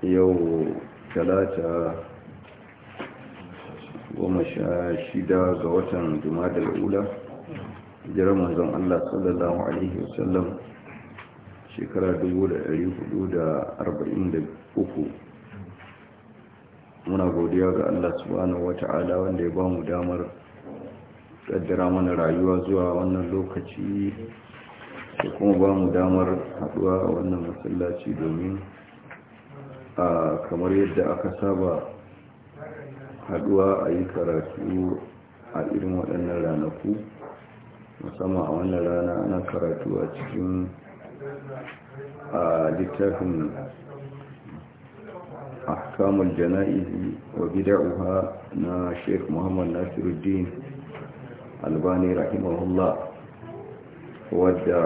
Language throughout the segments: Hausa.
yau talata goma sha shida ga watan jumadar ula jiran manzon Allah sallallahu Alaihi wasallam shekara uku, muna godiya ga Allah subhanahu wata'ala wanda ya ba mu damar kaddara mana rayuwa zuwa wannan lokaci da kuma ba mu damar haɗuwa a wannan masallaci domin a kamar yadda aka saba haɗuwa a yi karatu a irin waɗannan ranaku musamman a wannan rana ana karatu a cikin a littafin ahkamul jana'izi wa bida'uha na sheikh muhammad nasiruddin albani rahimahullah wadda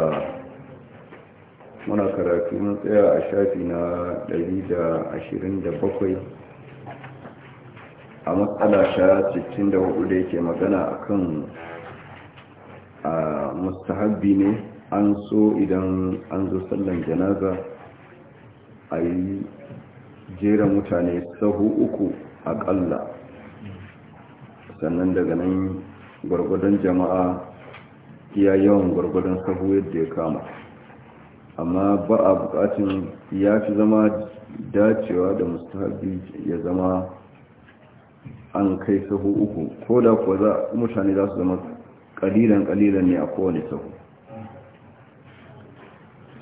muna karatu mun tsaya a shafi na 127 a matsala sha 64 da yake magana akan a mustahabbi ne an so idan an zo sallan janaza a yi jera mutane sahu uku aƙalla sannan daga nan gwargwadon jama'a iya yawan gwargwadon sahu yadda ya kama amma ba a bukatun ya fi zama dacewa da mustahabi ya zama an kai sahu uku ko da kuwa za mutane za su zama kalilan kalilan ne a kowane sahu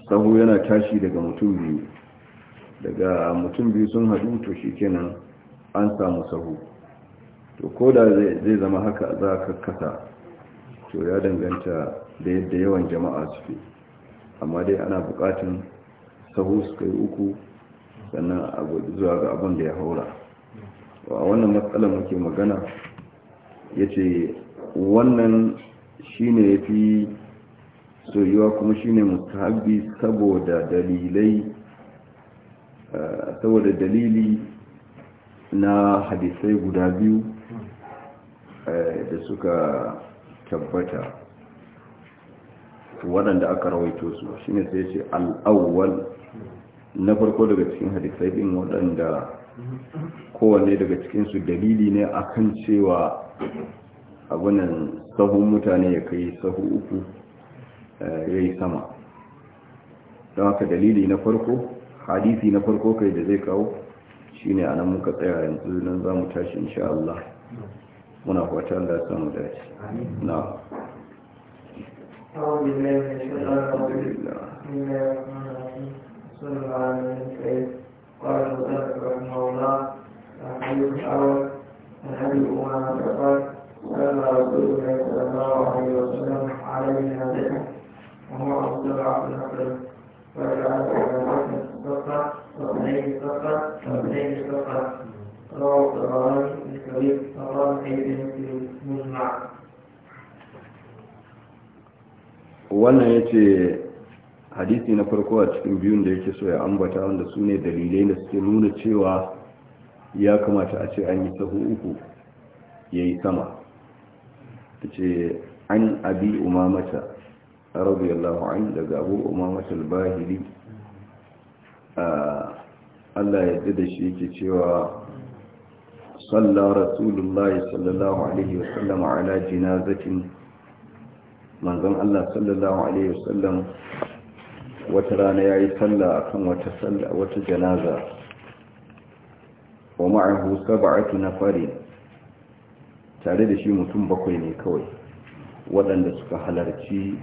sahu yana tashi daga mutum biyu daga mutum biyu sun haɗu to shi kenan an samu sahu to ko da zai zama haka za ka kasa to ya danganta da yadda yawan jama'a suke amma dai ana bukatun sahu su kai uku sannan zuwa ga abin da ya haura a wannan matsalar muke magana ya ce wannan shine ya fi soyuwa kuma shine mustahabi saboda dalilai eh, saboda dalili na hadisai guda biyu eh, da suka tabbata waɗanda aka rawaito su shine sai ce al'awwal na farko daga cikin hadisai ɗin waɗanda kowanne daga cikinsu dalili ne akan cewa abunan sahun mutane ya kai sahu uku eh, ya yi sama don haka dalili na farko hadisi na farko kai da zai kawo shine a nan muka tsaya yanzu nan za mu tashi insha Allah muna fata Allah ya samu dace na أعوذ بالله من الشيطان الرجيم بسم الله الرحمن الرحيم صلى الله عليه وسلم قال المؤلف رحمه الله الحديث الأول عن أبي أمامة قال صلى رسول الله صلى الله عليه وسلم علينا ذكر وهو أفضل عبد الحكم وجعل على الحكم صدقة وابنيه صدقة وابنيه صدقة رواه الطبراني الطريق wannan ya ce hadisi na farko a cikin biyun da yake so ya ambata wanda su ne dalilai da suke nuna cewa ya kamata a ce an yi sahu uku ya yi sama ta ce an abi umamata yallahu an daga abu umamata albahili Allah ya da shi yake cewa صلى رسول الله صلى الله عليه وسلم على جنازة من ذن الله صلى الله عليه وسلم وترانا يعي صلى أكم وتسلى وتجنازة ومعه سبعة نفرين tare da shi mutum bakwai ne kawai waɗanda suka halarci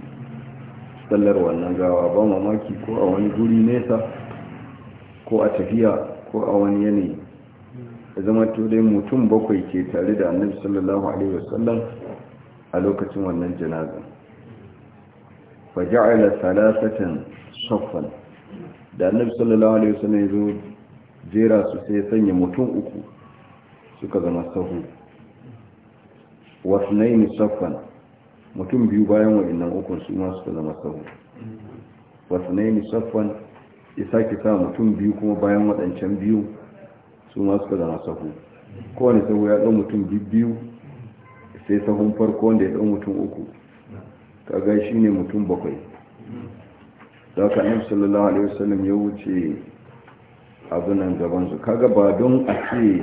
sallar wannan gawa ba mamaki ko a wani guri nesa ko a tafiya ko a wani yanayi ya zama dai mutum bakwai ke tare da annabi sallallahu alaihi wasallam a lokacin wannan janaza fa ja'ala salasatan saffan da annabi sallallahu alaihi wasallam ya zo jera su sai sanya mutum uku suka zama sahu wasnayn saffan mutum biyu bayan wa'annan ukun su ma suka zama sahu wasnayn saffan isa ke sa mutum biyu kuma bayan wadancan biyu su ma suka zama sahu kowane sahu ya ɗan mutum biyu sai sahun farko wanda ya ɗan mutum uku kaga shi ne mutum bakwai za ka annabi sallallahu alaihi wasallam ya wuce abunan gaban su kaga ba don a ce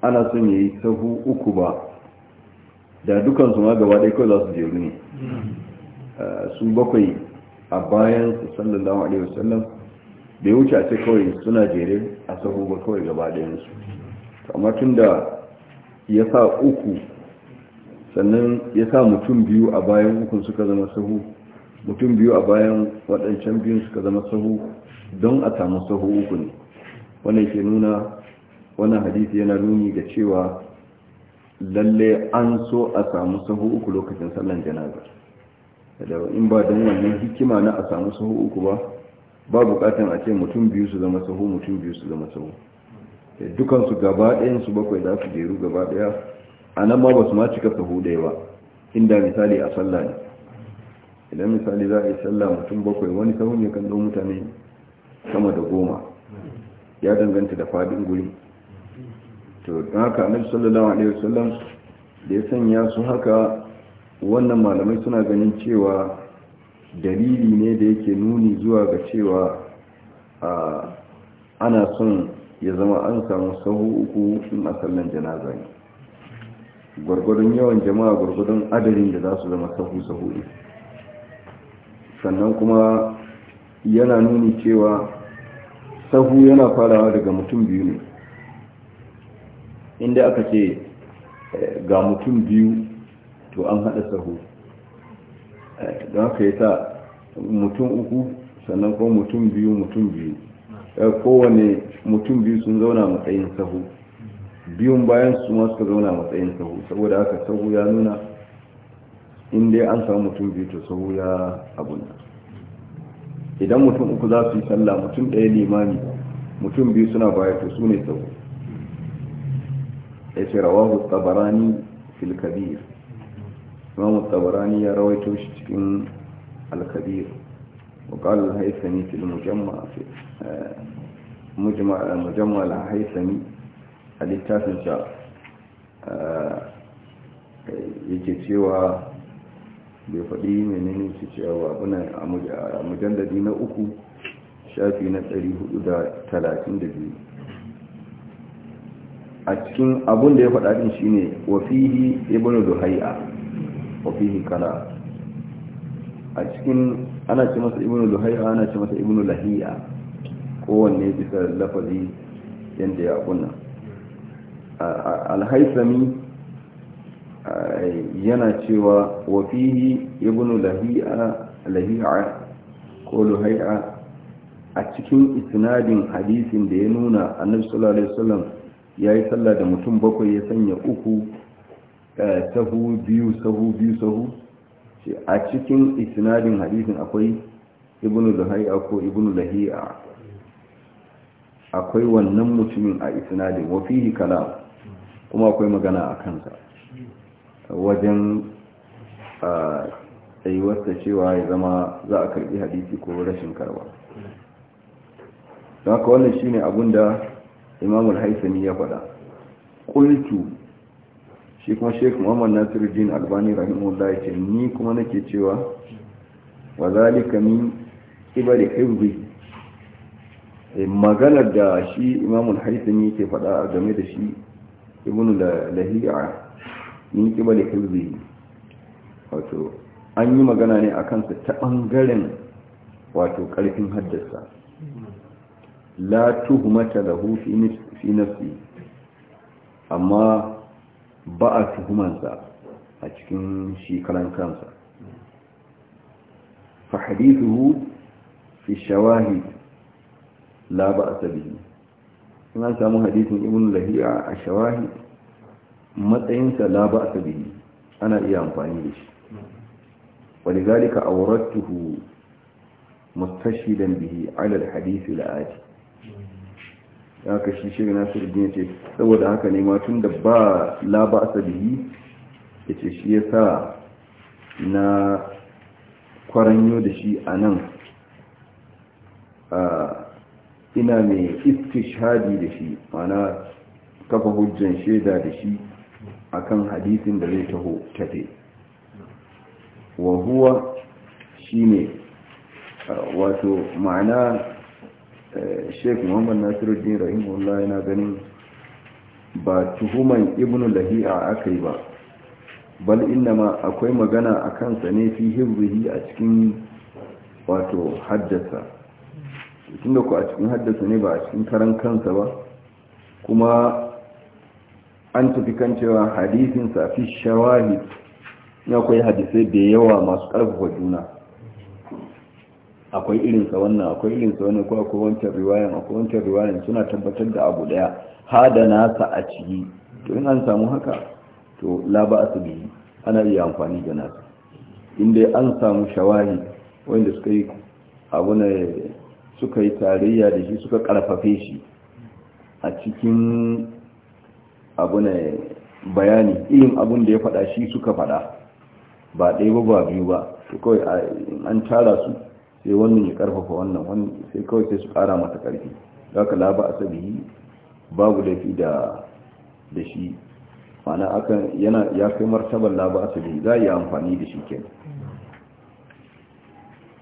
ana son yi sahu uku ba da dukan su ma gaba ɗaya kawai za su jeru ne eh, su bakwai a bayan sallallahu alaihi wasallam bai wuce a ce kawai suna jere a sahu ba kawai gaba ɗayansu amma tun da ya sa uku sannan ya sa mutum biyu a bayan ukun suka zama sahu mutum biyu a bayan waɗancan biyun suka zama sahu don a samu sahu uku ne wannan ke nuna wannan hadisi yana nuni ga cewa lalle an so a samu sahu uku lokacin sallan da in ba don wannan hikima na a samu sahu uku ba ba bukatan a ce mutum biyu su zama sahu mutum biyu su zama sahu eh, dukansu gaba ɗayan su bakwai za su jeru gaba ɗaya a nan ma ba su ma cika sahu ɗaya ba inda misali a sallah ne idan misali za a yi sallah mutum bakwai wani sahu ne kan ɗau mutane sama da goma ya danganta da faɗin guri to don haka annabi sallallahu alaihi wasallam da ya sanya su haka wannan malamai suna ganin cewa dalili ne da yake nuni zuwa ga cewa ana son ya zama an samu sahu uku in a sallan janaza ne gwargwadon yawan jama'a gwargwadon adadin da za su zama sahu-sahu ne sannan kuma yana nuni cewa sahu yana farawa daga mutum biyu ne inda aka ce eh, ga mutum biyu to an haɗa sahu don haka ya sa mutum uku sannan kuma mutum biyu mutum biyu eh, kowane mutum biyu sun zauna matsayin sahu biyun bayan su ma suka zauna matsayin sahu saboda haka sahu ya nuna inda an samu mutum biyu to sahu ya abunan idan mutum uku za su yi sallah mutum ɗaya limani mutum biyu suna baya to su ne sahu ya ce rawahu tabarani fil kabir imam tabarani ya rawaito shi cikin al-kabir wa qala fil mujamma fi mujma' a littafin yake cewa bai faɗi menene su cewa abuna a mujalladi na uku shafi na 432 a cikin abun da ya faɗa din shine wafihi ibnu duhayya wa kala a cikin ana ce masa ibnu luhayya ana ce masa ibnu lahiya kowanne bisa lafazi yadda ya kunna alhaisami yana cewa wafihi fihi ibnu lahiya lahiya ko luhayya a cikin isnadin hadisin da ya nuna annabi sallallahu alaihi wasallam yayi sallah da mutum bakwai ya sanya uku Eh, sahu biyu sahu biyu sahu a cikin isnadin hadisin akwai ibnu lahi'a ko ibnu lahi'a akwai wannan mutumin a isnadin wa kalam kuma akwai magana a kansa wajen eh, tsayuwarsa cewa ya zama za a karbi hadisi ko rashin karba don haka wannan shine abin da imamul haisani ya faɗa ƙultu shi kuma sheik muhammad nasiruddin albani rahimahullah ce ni kuma nake cewa wa zalika min ibari hibbi eh, magana da shi imamul haithami ke faɗa game da shi ibnu lahiya min kibari hibbi wato an yi magana ne a kansa ta ɓangaren wato ƙarfin haddasa la tuhumata lahu fi nafsi amma ba a tuhumansa a cikin shi kansa fa hadithu fi shawahid la ba'sa bihi in an samu hadithin ibn lahiya a shawahid matsayinsa la ba'sa bihi ana iya amfani da shi ولذلك أوردته مستشهدا bihi alal الحديث الآتي da haka shi shirin nasu rigin ce saboda haka ne matun da ba laba asali ya ce shi ya sa na kwaranyo da shi a nan ina mai shadi da shi mana kafa hujjan shaida da shi a kan hadisin da zai taho tafe wahuwa shi shine wato ma'ana sheik muhammad nasiruddin rahimullah yana ganin ba tuhuman Ibn lahi'a aka yi ba bal ma akwai magana a kansa ne fi hibbihi a cikin wato haddasa cikin da ku a cikin haddasa ne ba a cikin karan kansa ba kuma an tafi kan cewa hadisinsa fi shawahid ya akwai hadisai da yawa masu ƙarfafa juna akwai irinsa wannan akwai irinsa wannan ko akwai wancan riwayan akwai wancan riwayan suna tabbatar da abu daya hada nasa a ciki to in an samu haka to la ba su bi ana iya amfani da nasa in dai an samu shawahi wanda suka yi abu ne suka yi tarayya da shi suka karfafe shi a cikin abu ne bayani irin abun da ya faɗa shi suka faɗa ba ɗaya ba ba biyu ba to kawai an tara su sai wannan ya karfafa wannan wannan sai kawai sai su kara mata karfi za ka laba a sabihi babu laifi da da shi mana akan yana ya kai martaban laba a sabihi za a yi amfani da shi kenan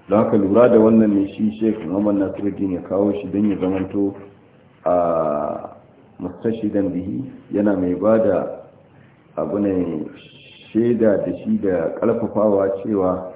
don haka lura da wannan ne shi sheik muhammad nasiruddin ya kawo shi don ya zamanto a don bihi yana mai ba da abu ne shaida da shi da karfafawa cewa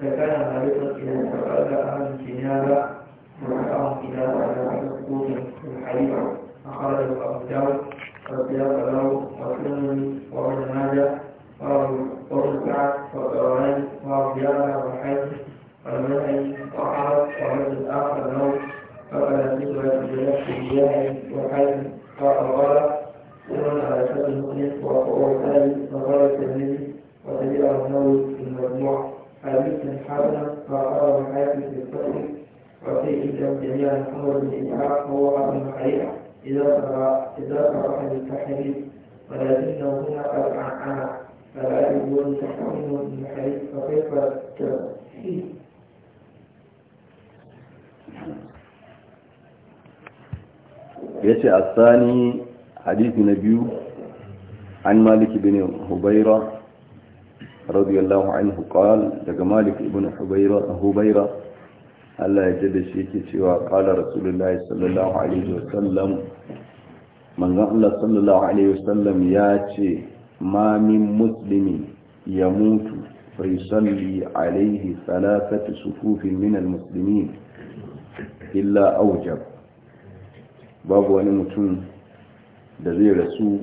فكان غالبا إذا تقال أهل الجنابة ورفعهم إلى وعلى سقوط الحديث أخرجه أبو داود والسياق له وسلم وابن ماجه وابن سعد والطبراني وابن والحج والمنعي وأحمد ورجل آخر له فقد ذكر بنفسه قال وأبغال سنن على شكل مسلم وقول ثاني وقال الترمذي وتبعه النووي في المجموع مثل حاضرا فأرى الحياة في الفتح وفي جميع جميع الأمر بالإنعاق هو أمر الحقيقة إذا ترى إذا ترى أحد التحريف ولكنه هنا قد عانى فلا يجوز تحريمه من الحديث فكيف يأتي الثاني حديث نبيه عن مالك بن هبيره radiyallahu anhu qala daga malik ibn hubayra hubayra Allah ya jada shi yake cewa qala rasulullahi sallallahu alaihi wasallam manzon Allah sallallahu alaihi wasallam ya ce ma min muslimi yamutu fa yusalli alaihi thalathatu sufufin min almuslimin illa aujab babu wani mutum da zai rasu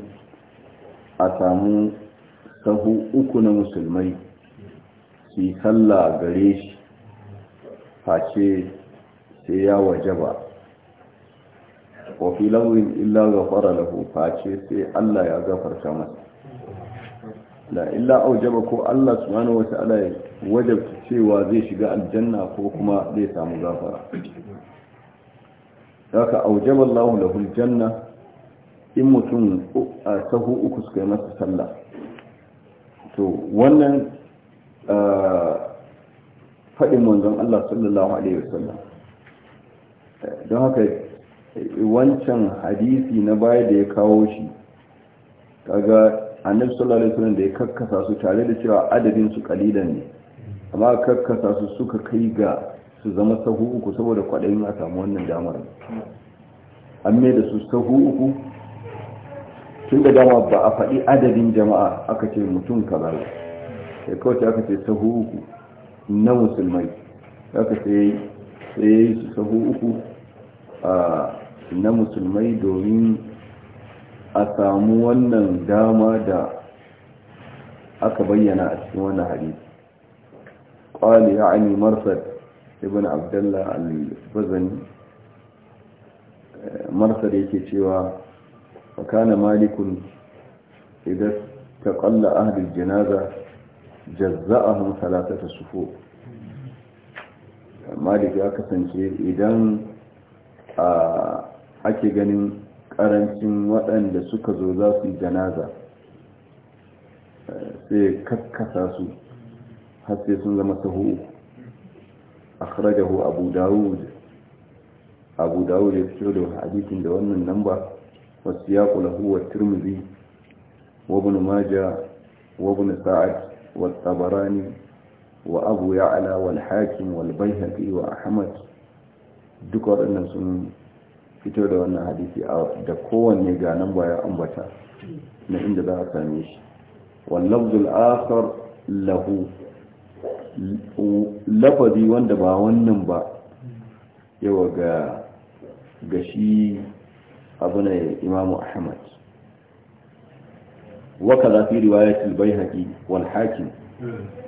a samu tahu uku na musulmai su salla gare shi face sai ya waje ba wafi laurin illa gafara lahu face sai Allah ya gafarta masa la illa aujaba ko Allah subhanahu wata'ala ya wajabta cewa zai shiga aljanna ko kuma zai samu gafara haka aujaba Allah lahu aljanna in mutum sahu uku suka yi masa sallah to wannan faɗin manzon Allah sallallahu alaihi wasallam don haka wancan hadisi na baya da ya kawo shi kaga annabi sallallahu alaihi wasallam da ya kakkasa su tare da cewa adadin su kalilan ne amma kakkasa su suka kai ga su zama sahu uku saboda kwaɗayin a samu wannan damar an da su sahu uku tun da dama ba a faɗi adadin jama'a aka ce mutum kaza ya kawace aka ce sahu uku na musulmai aka ce ya yi su sahu uku na musulmai domin a samu wannan dama da aka bayyana a cikin wannan hadisi قال يعني مرثد ابن عبد الله البزني مرثد yake cewa فكان مالك إذا تقل أهل الجنازة جزأهم ثلاثة صفوف malik ya kasance idan ake ganin karancin waɗanda suka zo za janaza sai kakkasa su har sai sun zama sahu akhrajahu abu dawud abu dawud ya fito da hadisin da wannan namba والسياق له والترمذي وابن ماجه وابن سعد والطبراني وأبو يعلى والحاكم والبيهقي وأحمد ذكر أن سن fito da wannan hadisi da kowanne ga nan baya ambata na inda za a same shi wallabdul akhar lahu lafazi wanda ba wannan ba yawa ga gashi abu ne imamu ahmad waka fi riwayatul bayhaqi wal hakim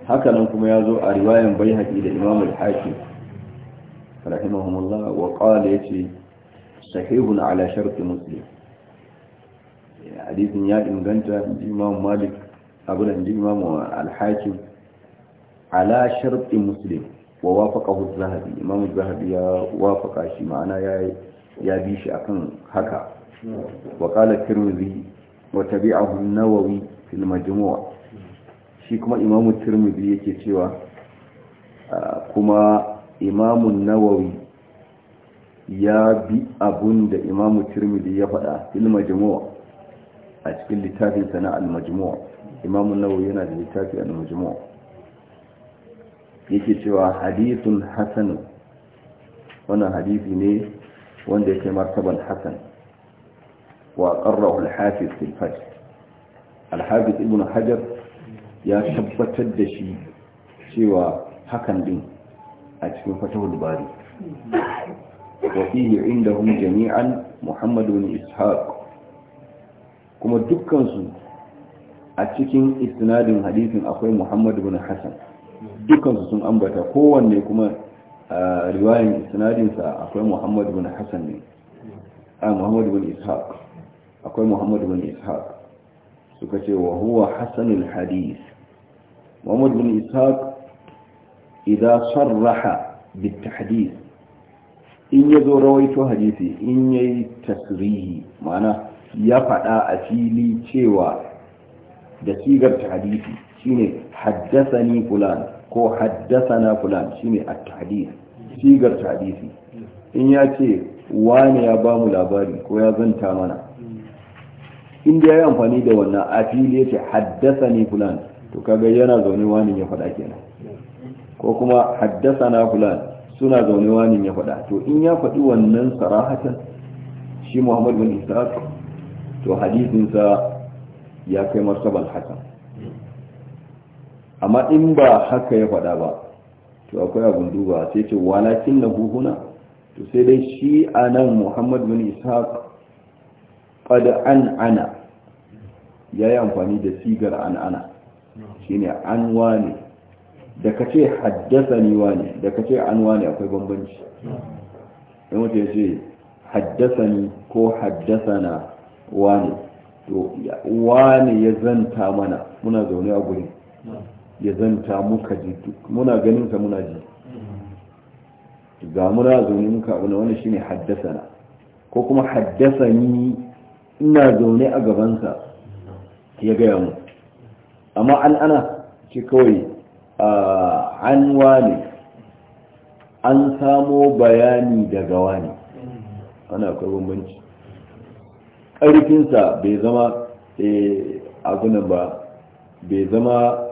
haka nan kuma ya zo a riwayan bayhaqi da imamu al hakim rahimahumullah wa qala yace sahihun ala sharti muslim hadisin ya inganta imam malik abu da imam al-hakim ala sharti muslim wa wafaqahu az-zahabi imam az-zahabi ya wafaqa shi ma'ana ya ya bi shi akan haka wa qala tirmidhi wa tabi'ahu an-nawawi fil majmu' shi kuma imamu tirmidhi yake cewa ah, kuma imamu nawawi ya bi abun da imamu tirmidhi ya faɗa fil majmu' a cikin littafin sana al-majmu' imamu nawawi yana da littafi al-majmu' yake cewa hadithun hasan wannan hadisi ne wanda yake martaban hasan wa qarrahu al-hafiz fil fajr ibn hajar ya tabbatar da shi cewa hakan din a cikin fatahul bari wa inda indahum jami'an Muhammadu ishaq kuma dukkansu a cikin isnadin hadisin akwai muhammad ibn hasan dukkansu sun ambata kowanne kuma riwayan isnadinsa akwai muhammad bin hassan ne a muhammad bin ishaq akwai muhammad bin ishaq suka ce wa huwa hassanul hadith muhammad bin ishaq idan sarraha hadis in ya zo rawaito hadisi in ya yi tasirihi mana ya faɗa a fili cewa da sigar ta hadisi shine haddasa ni fulani ko haddasa na fulan shine a tahadis sigar tahadisi in ya ce wani ya ba mu labari ko ya zanta mana inda da ya yi amfani da wannan a fili ya ce haddasa ne fulan to kaga yana zaune wani ya faɗa kenan ko kuma haddasa na fulan suna zaune wani ya faɗa to in ya faɗi wannan sarahatan shi Muhammad bin Isa to hadisinsa ya kai martabar hasan amma in ba haka ya faɗa ba to akwai abun duba sai ce walakin na huhuna to sai dai shi a nan muhammad bin ishaq ƙada an ana ya yi amfani da sigar an ana shi ne an wane da ka ce haddasa ni wane da ka ce an wane akwai bambanci don wata ya ce haddasa ni ko haddasa na wane to wane ya zanta mana muna zaune a gurin ya zanta muka ji muna ganin ka muna ji ga muna zaune muka abu na ne haddasa na ko kuma ni ina zaune a gabansa ya gaya mu amma an ana ce kawai an wane an samo bayani daga wani ana akwai bambanci ƙarfinsa bai zama eh, abunan ba bai zama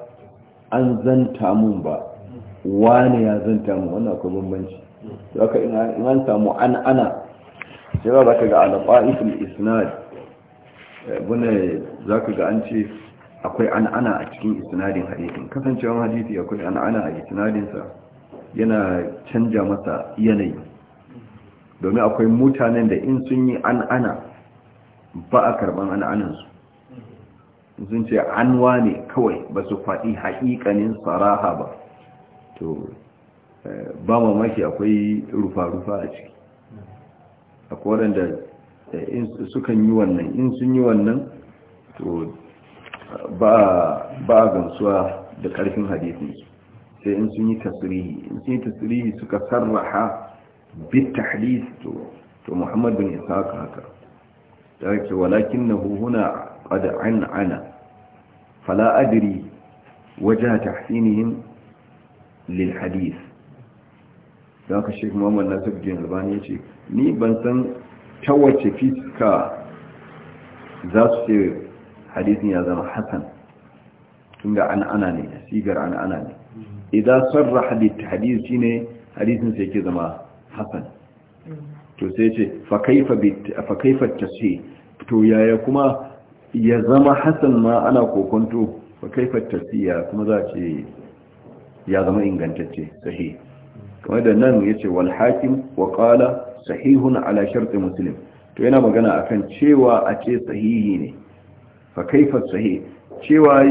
an zanta mun ba wane ya zanta mun wannan akwai bambanci to haka in an samu an ana sai ba zaka ga alqaifil isnad eh, bune zaka ga an ce akwai an ana a cikin isnadin hadisin kasancewar hadisi akwai an ana a isnadin sa yana canja masa yanayi domin akwai mutanen da in sun yi an ana ba a karban an anansu sun ce an wane kawai ba su faɗi haƙiƙanin saraha ba to eh, ba mamaki akwai rufa-rufa a ciki akwai da eh, sukan yi wannan in sun yi wannan to ba a gamsuwa da ƙarfin hadisinsu sai in sun yi tasirihi in sun yi tasirihi suka sarraha bit tahdis to to muhammadu bin ishaq haka ta ce walakin na huhuna da an ana فلا أدري وجه تحسينهم للحديث ذاك الشيخ محمد ناصر الدين الباني يجي ni ban san ta wace fiska za su ce hadisin ya zama hasan tunda an ana ne sigar an ana ne idan sarra hadis shine hadisin sai ke zama hasan to sai ce to yaya kuma ya zama hasan ma ana kokonto fa kaifa tafiya kuma za ce ya zama ingantacce sahih kamar da nan yace wal hakim wa kala sahihun ala shart musulun to yana magana a kan cewa a ce sahihi ne fa kaifa sahih cewa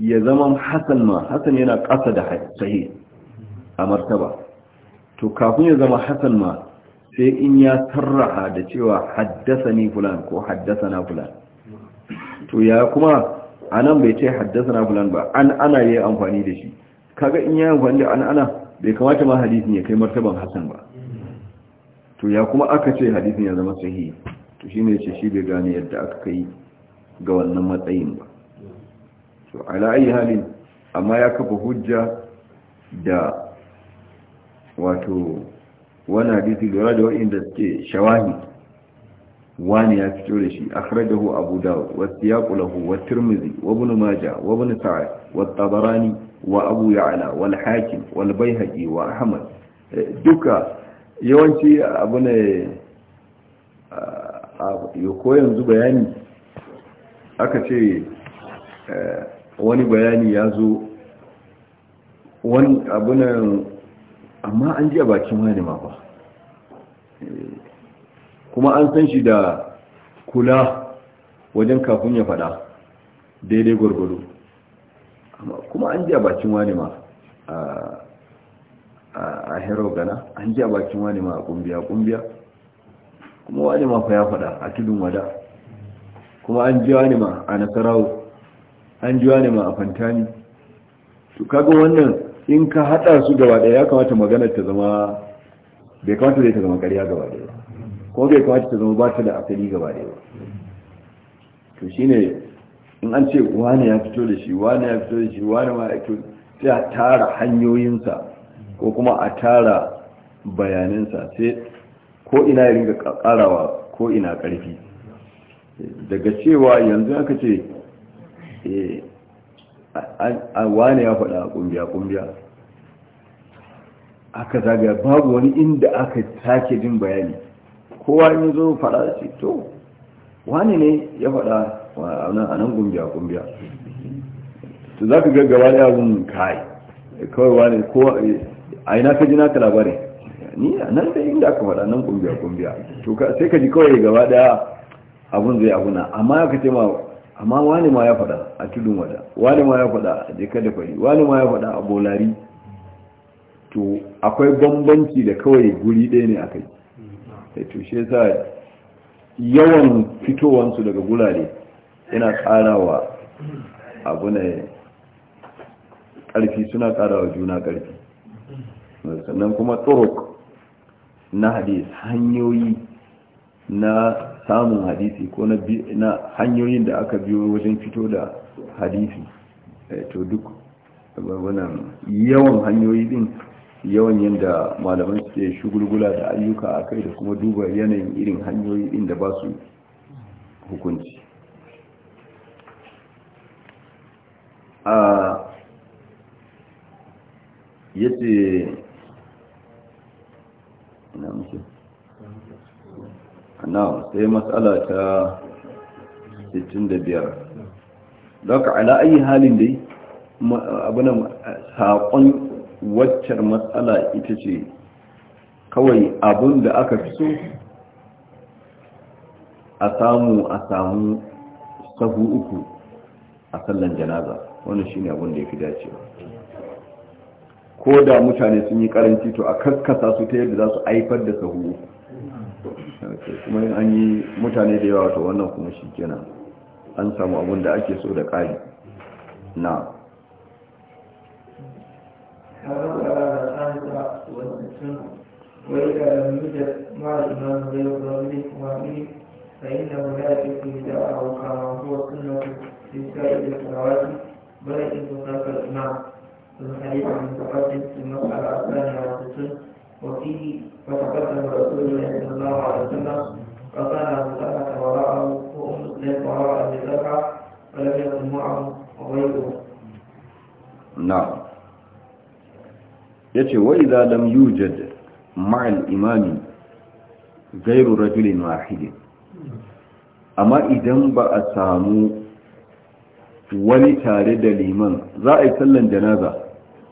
ya zama hasan ma hasan yana kasa da sahih a martaba to kafin ya zama hasan ma sai in ya tarraha da cewa haddasa ni fulan ko haddasa na fulan to ya kuma a nan bai ce haddasa na fulan ba an ana yi amfani da shi kaga in yi amfani da an ana bai kamata ma hadisin ya kai martaban hassan ba to ya kuma aka ce hadisin ya zama sahihi to shi ne ce shi bai gane yadda aka kai ga wannan matsayin ba to ala halin amma ya kafa hujja da wato wani hadisi lura da wa'inda suke shawahi wani ya fito da shi akhrajahu abu dawud wa siyaqu lahu wa tirmidhi wa ibn majah wa ibn sa'id wa tabarani wa abu ya'la wal hakim wal baihaqi wa ahmad eh, duka yawanci abu ne ah, ah, ko yanzu bayani aka ce eh, wani bayani ya zo wani abu nan amma an ji a bakin wani ma ba kuma an san shi da kula wajen kafin ya fada daidai gwargwado kuma an ji a bakin wani ma a hero gana an ji a bakin wani ma a kumbiya kumbiya kuma wani ma fa ya fada a tudun wada kuma an ji wani ma a nasarawo an ji wani ma a fantani su kaga wannan in ka hada su gaba daya ya kamata magana ta zama bai kamata zai ta zama karya gaba daya ko bai kamata ta zama ba ta da asali gaba da yawa to shine in an ce wane ya fito da shi wane ya fito da shi wane ma ya fito sai a tara hanyoyinsa ko kuma a tara bayaninsa sai ko ina ya ringa karawa ko ina karfi daga cewa yanzu aka ce eh, a wane ya faɗa a ƙungiya-ƙungiya aka zagaya babu wani inda aka take din bayani kowa in zo faɗa ce to wani ne ya faɗa a nan gumbiya gumbiya to za ka gaggaba da abin kai kawai wani ko a ina ka ji naka labari ni a nan da inda aka faɗa nan gumbiya gumbiya to sai ka ji kawai gaba daya abun zai abuna amma ka ce ma amma wani ma ya faɗa a tudun wada wani ma ya faɗa a jeka da fari wani ma ya faɗa a bolari to akwai bambanci da kawai guri ɗaya ne a kai Tushe za yawan fitowansu daga gurare yana karawa abu ne karfi suna karawa juna karfi. sannan kuma tsorok na hadis hanyoyi na samun hadisi ko na hanyoyin da aka biyo wajen fito da hadisi eh, to duk yawan hanyoyi din yawan yadda malaman suke shugulgula da ayyuka a kai da kuma duba yanayin irin hanyoyi inda ba su hukunci a yadda na muke na sai matsala ta 65 daga ala ayi halin dai abinan saƙon waccar matsala ita ce kawai abin da aka fi so a samu a samu sahu uku a sallan janaza wannan shine abin da ya fi dacewa ko da mutane sun yi karanci to a kaskasa su ta yadda za su haifar da sahu kuma yin an yi mutane da yawa to wannan kuma shi kenan an samu abun da ake so da ƙari na هذا على ثالث والسنة وإذا لم يوجد مع الإمام غير رجلهما به فإنه لا يكفي بدعوة كما هو سنة في سائر الصلوات بل إن خلف الإمام الحديث المتقدم في المسألة الثانية والتسعين وفيه فتقدم رسول الله صلى الله عليه وسلم فكان أبو طلحة وراءه وأم سليم وراء أبي طلحة ولم يكن معه غيره. نعم. yace wa idza lam yujad ma'al imami ghayru rajulin wahid amma idan ba a samu wani tare da liman za a yi sallan janaza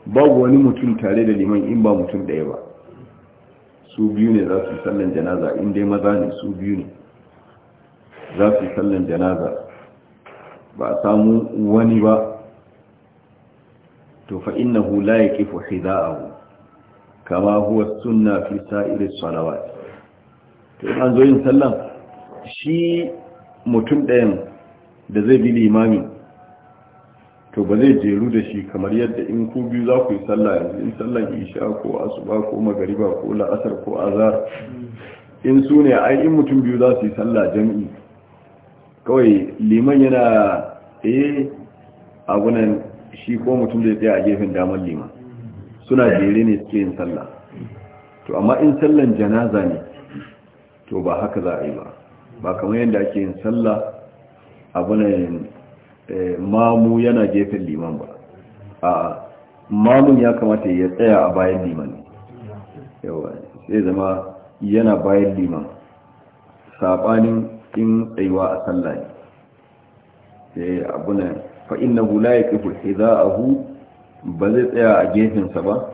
babu wani mutum tare da liman in ba mutum daya ba su biyu ne za su sallan janaza in dai maza ne su biyu ne za su sallan janaza ba a samu wani ba to fa innahu la yaqifu hidaahu kama huwa sunna fi sa'iri salawat to an zo yin sallan shi mutum ɗayan da zai bi limami to ba zai jeru da shi kamar yadda in ku biyu za ku yi sallah yanzu in sallan isha ko asuba ko magariba ko la'asar ko azar in su ne ai in mutum biyu za su yi sallah jami'i kawai liman yana eh abunan shi ko mutum zai tsaya a gefen damar liman suna jere ne suke yin sallah to amma in sallan janaza ne to ba haka za a yi ba ba kamar yadda ake yin sallah abunan eh, mamu yana gefen liman ba a mamun ya kamata ya tsaya a bayan liman yawa sai zama yana bayan liman saɓanin in tsayuwa a sallah ne eh, fa innahu za a hu ba zai tsaya a gefensa ba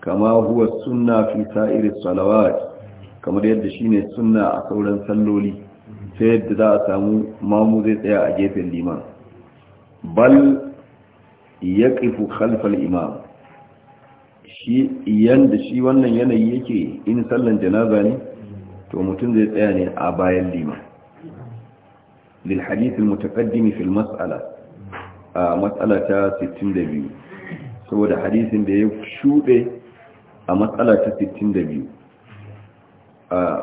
kama huwa sunna fi sa'iris salawat kamar yadda ne sunna a sauran salloli sai yadda za a samu mamu zai tsaya a gefen liman bal yaqifu khalfal imam shi yanda shi wannan yanayi yake in sallan janaza ne to mutum zai tsaya ne a bayan liman lil hadith al mutaqaddim mas'ala a matsala ta 62 saboda hadisin da ya shuɗe a matsala ta 62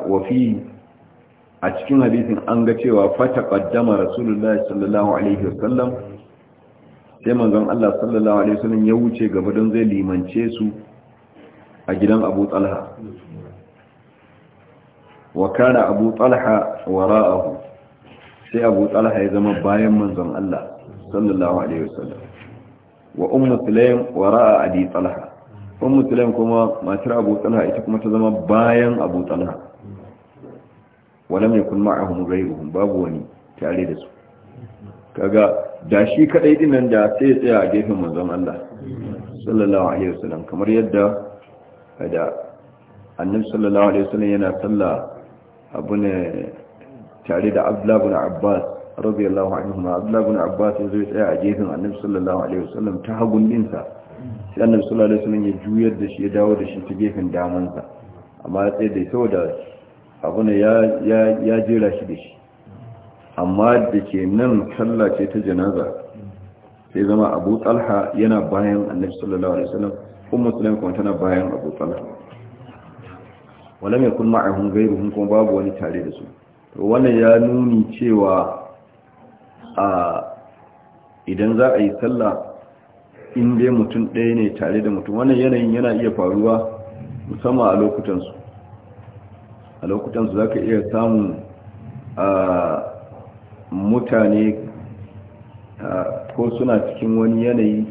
wafi a cikin hadisin an ga cewa fata ƙaddama rasulullah sallallahu alaihi wasallam sai manzon Allah sallallahu alaihi wasallam ya wuce gaba don zai limance su a gidan abu talha wa kana abu talha wara'ahu sai abu talha ya zama bayan manzon Allah صلى الله عليه وسلم وأم سليم وراء أبي طلحة أم سليم كما ما ترى أبو طلحة إتكما تزم باين أبو طلحة ولم يكن معهم غيرهم بابوني تعليدس كما داشي كأيدي من دا سيسي عجيهم وزم الله صلى الله عليه وسلم كما ريدا ان النبي صلى الله عليه وسلم ينا صلى أبونا تعليد عبد الله بن عباس radiyallahu anhu ma Abdullah ibn Abbas zai tsaya a gefen Annabi sallallahu alaihi wasallam ta hagun dinsa sai Annabi sallallahu alaihi wasallam ya juyar da shi ya dawo da shi ta gefen damansa amma ya tsaye da saboda abu ne ya ya ya jira shi da shi amma da ke nan sallah ce ta janaza sai zama Abu Talha yana bayan Annabi sallallahu alaihi wasallam ummu Sulaim kuma tana bayan Abu Talha wala mai kun ma'ahun gairuhun kuma babu wani tare da su wannan ya nuni cewa a idan za a yi sallah in dai mutum ɗaya ne tare da mutum wannan yanayin yana iya faruwa musamman a lokutansu a lokutansu za ka iya samun mutane ko suna cikin wani yanayi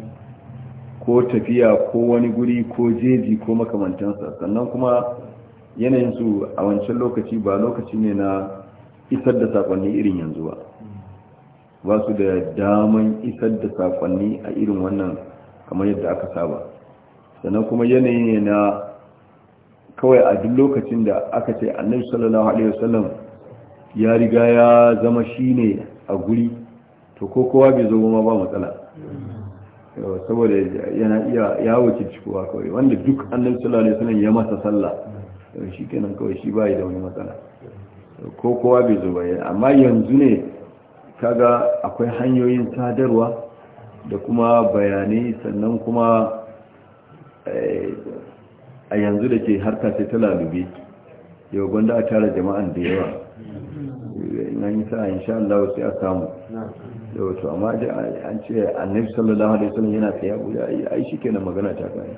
ko tafiya ko wani guri ko jeji ko makamantansa sannan kuma yanayinsu a wancan lokaci ba lokaci ne na isar da sakonni irin yanzu ba ba su da daman isar da sakonni a irin wannan kamar yadda aka saba sannan kuma yanayi ne na kawai a duk lokacin da aka ce annabi sallallahu alaihi wasallam ya riga ya zama shine a guri to ko kowa bai zo ba matsala saboda yana iya ya wuce cikowa kawai wanda duk annabi sallallahu alaihi wasallam ya masa sallah shi kenan kawai shi bai da wani matsala ko kowa bai zo ba amma yanzu ne kaga akwai hanyoyin sadarwa da kuma bayani sannan kuma eh, a yanzu da ke harka ce ta lalube yau gwanda a tara jama'an da yawa na yi sa'a sha Allah sai a samu da wasu amma an ce annabi sallallahu alaihi wasallam yana tsaye guda ai kenan magana ta kai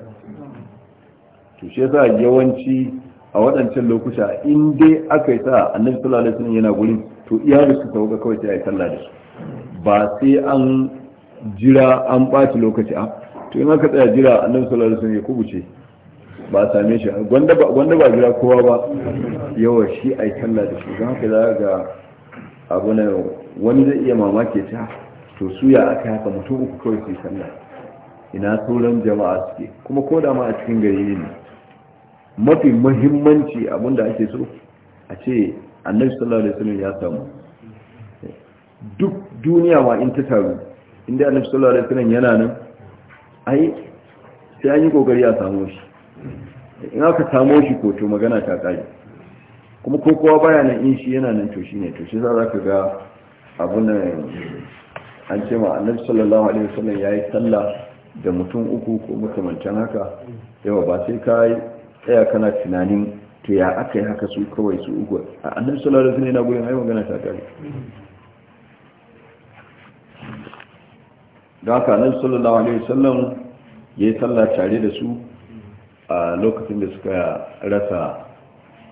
to shi yasa yawanci a waɗancan lokuta in dai aka yi sa annabi sallallahu alaihi wasallam yana gurin to iyalin su sauka kawai sai a yi sallah da su ba sai an jira an ɓaci lokaci a to in aka tsaya jira annabi sallallahu alaihi wasallam ya kubuce ba same shi gwanda ba gwanda ba jira kowa ba yawa shi ai sallah da shi don haka za ga abu na wani zai iya mamake ta ah, to su ya aka haka mutum uku kawai su sallah ina sauran jama'a suke kuma ko da ma a cikin gari ne mafi mahimmanci abun da ake so a ce annabi sallallahu alaihi wasallam ya samu duk duniya ma in ta taru inda annabi sallallahu alaihi wasallam yana nan ai sai an yi kokari a samu shi in aka samu shi ko to magana ta kai kuma ko kowa baya nan in shi yana nan to shine to shi za ka ga abun nan an ce ma annabi sallallahu alaihi wasallam yi sallah da mutum uku ko mutumancan haka yawa ba sai ka tsaya kana tunanin to ya aka yi haka su kawai su uku a annabi salari su ne na gudun ai magana ta da da haka salari wani sallan ya yi salla tare da su a lokacin da suka rasa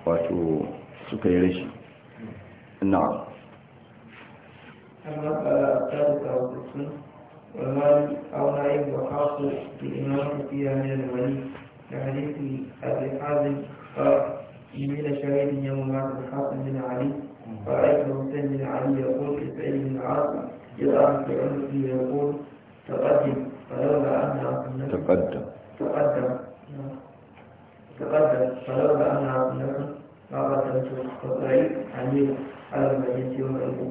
wato suka yi rashi na amma ta جميل شاهد يوم مع الحسن بن علي فرأيت حسين بن علي يقول لسعيد بن عاصم يضع في عنقه يقول تقدم فلولا أن تقدم تقدم تقدم فلولا أن عظمته ما قدمت فقريت عليه على المجلس يومئذ